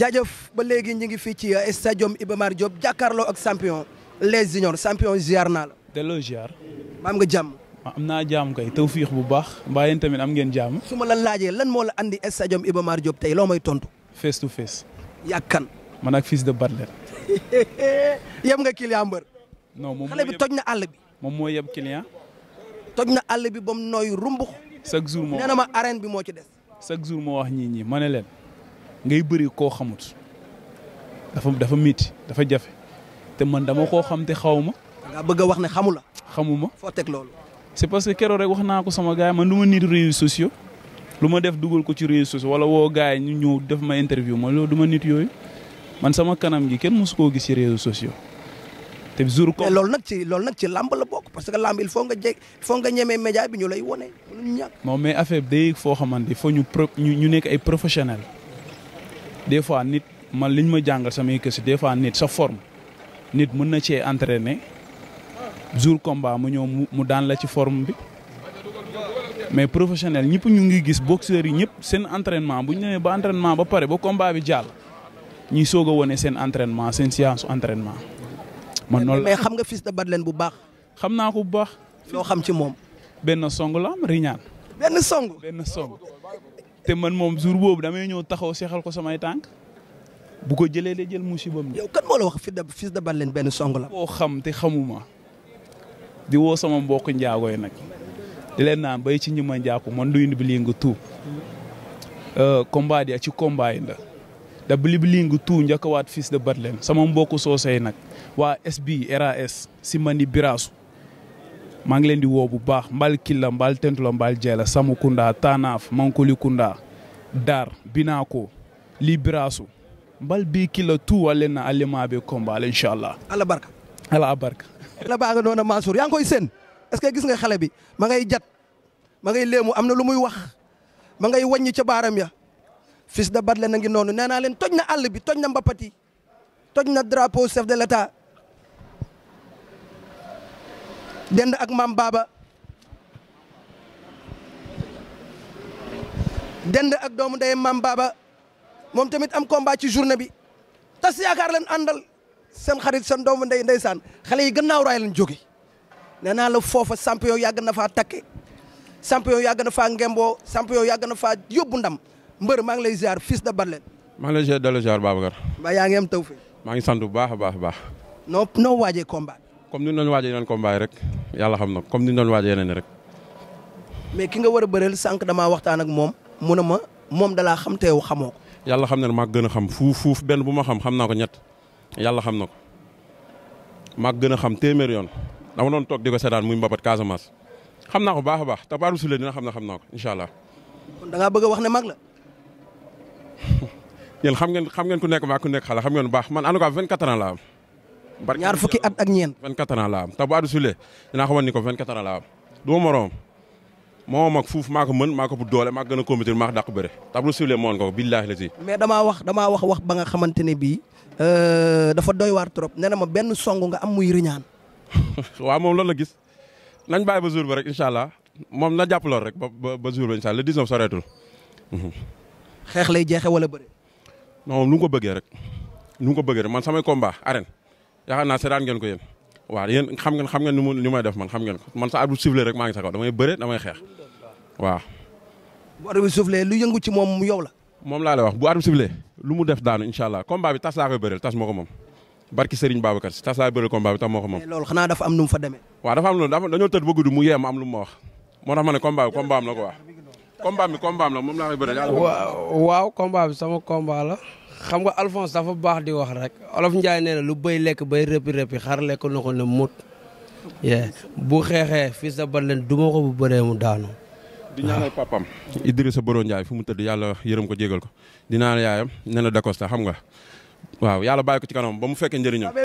jaajëf ba léegi ñu ngi fii ci euh, stadium Iba Mar Diop jàkkaarloo ak champion les juniors champion ziar naa la. delloo ziar. maam nga jàmm. am naa jàmm kay tawfiix bu baax mbaa yéen tamit am ngeen jàmm. su ma la laajee lan moo la andi stadium Iba Mar tey loo may tontu. face to face. yàkkan. man ak fils de Badler. yem nga client mbër. non bi toj na àll bi. moom moo yeb client. toj na àll bi ba mu nooy rumbux. chaque jour moo na ma arène bi moo ci des. chaque jour moo wax ñii ñii ma ne leen. ngay bëri koo xamut dafa dafa miiti dafa jafe te man dama koo xam te xaw ma. nga bëgg a ne xamu la. xamu ma foo teg loolu. c'est parce que keroog rek wax naa ko sama gars yi man du ma nit réseaux sociaux lu ma def dugal ko ci réseaux sociaux wala woo gars yi ñu ñëw def ma interview ma loolu du ma nit yooyu man sama kanam gi kenn mosu koo gis ci réseaux sociaux. te jour ko mais loolu nag ci loolu nag ci làmb la bokk parce que làmb il faut nga jég il faut nga ñemee bi ñu lay wone mënuñu ñàkk. non mais affaire day foo xamante foo ñu pro ñu nekk ay professionnels. des fois nit man liñ ma jàngal samay kës des fois nit sa forme nit mën na cee entraîner jour combat mu ñëw mu daan la ci forme bi mais professionnel ñëpp ñu ngi gis boxeurs yi ñëpp seen entrainement bu ñu demee ba entrainement ba pare ba combat bi jaal ñuy soog a wone seen entrainement seen séance entraînement. man noonu mais xam nga Fils de bat leen bu baax. xam naa ko bu baax. loo xam ci moom. benn song la am riñaan. benn song benn song. te man moom jour boobu damay ñëw taxaw seexal ko samay tànk bu ko jëlee de jël musibam. yow kan moo wax fii de fils de leen benn song la. boo xam te xamuma di woo sama mbokk njaago yi nag di leen naan bay ci ñi ma njaaku man du indi bi euh, ci combat la da bi lii nga tuub njëkkawaat fils de Balla leen sama mbokk soosey nag waa SB RAS si mani biraasu maa ngi leen di woo bu baax mbaal killa mbaal tentula mbaal jeela samukunda tanaaf mankolikunda dar binako librasu mbal bi killa tout allen na allema be combat inshallah ala barka ala barka la baa nga noona Mansour yaa ngi koy seen est que gis nga xale bi ma ngay jat ma ngay léemu am na lu muy wax ma ngay wàññi ca baaram ya fils de Badlen a ngi noonu nee naa leen toj na àll bi toj na mbapat yi toj na drapeau chef de l'État dend ak maam baaba dend ak doomu ndeyam maam baaba moom tamit am combat ci journée bi tas yaakaar leen àndal seen xarit seen doomu ndey saan xale yi gannaaw raay leen jóge nee naa la foofa champion yàgg na faa takke champion yàgg na faa ngemboo champion yàgg na faa yóbbu ndam mbër maa ngi lay ziar fils de Batlen. maa ngi lay ziar delloo yaa ngi am taw fi. maa ngi sant bu baax a baax a baax. noo noo waajee combat. comme ni ñu doon waajee yeneen rek yàlla xam na comme ni ñu doon waajee mais ki nga war a bëreel sànq damaa waxtaan ak moom mu ne ma moom dalaa xam teew xamoo yàlla xam na ne maa gën a xam fuuf fuuf benn bu ma xam xam naa ko ñett yàlla xam na ko maa gën a xam téeméer yoon dama doon toog di ko seetaan muy Mbapat Casamance xam naa ko baax a baax te baaru sule dina xam na xam naa ko allah. kon da wax ne mag la. yéen xam ngeen xam ngeen ku nekk maa ku nekk xale xam ngeen baax man en tout cas 24 am ñaar fukki at ak ñeent. 24 ans laa am te bu àddu sulee dinaa xamal ko 24 ans laa am du moroom moo mag fuuf maa ko mën maa ko bu doole maa ko gën a comité maa ko dàq bëre te bu sulee moon ko damaa wax damaa wax wax ba nga xamante ne bii euh, dafa doy waar trop nee na ma benn song nga am muy riñaan. waaw moom lool la gis nañ bàyyi ba jour ba rek incha allah moom na jàpp lool rek ba ba jour ba incha allah le 19 soreetul. Mhm. xeex lay jeexee wala bëre. non lu mu ko bëggee rek lu mu ko bëggee rek man samay combat arène yaakaar naa seetaan ngeen ko yéen waaw yéen xam ngeen xam ngeen nu mu may def man xam ngeen ko man sa at bu sifflé rek maa ngi sa waaw. bu at bi sifflé lu ci moom yow la. moom laa lay wax bu at bi lu mu def daanu incha allah combat bi tas laa koy bëreel tas moo ko moom barki Serigne Babacar si tas laa koy bëreel combat bi tas moo loolu xanaa dafa am nu mu fa demee. waaw dafa am dafa dañoo tëdd ba guddi mu yem mu ma wax moo tax ma ne combat bi combat ko wax combat bi combat am la moom laa koy waaw waaw bi sama combat la xam nga Alphonse dafa baax di wax rek olof Ndiaye nee na lu bay lekk bay rëppi rëppi xar lekk na ko ne mut. bu xeexee fii sa ban leen du ko bu bëree mu daanu. di ñaanal ah. papam Idrissa Boro Ndiaye fu mu tëdd yàlla yërëm ko jégal ko di ñaanal yaayam ne na Dacosta xam nga waaw yàlla bàyyi ko ci kanam ba mu fekkee njëriñam.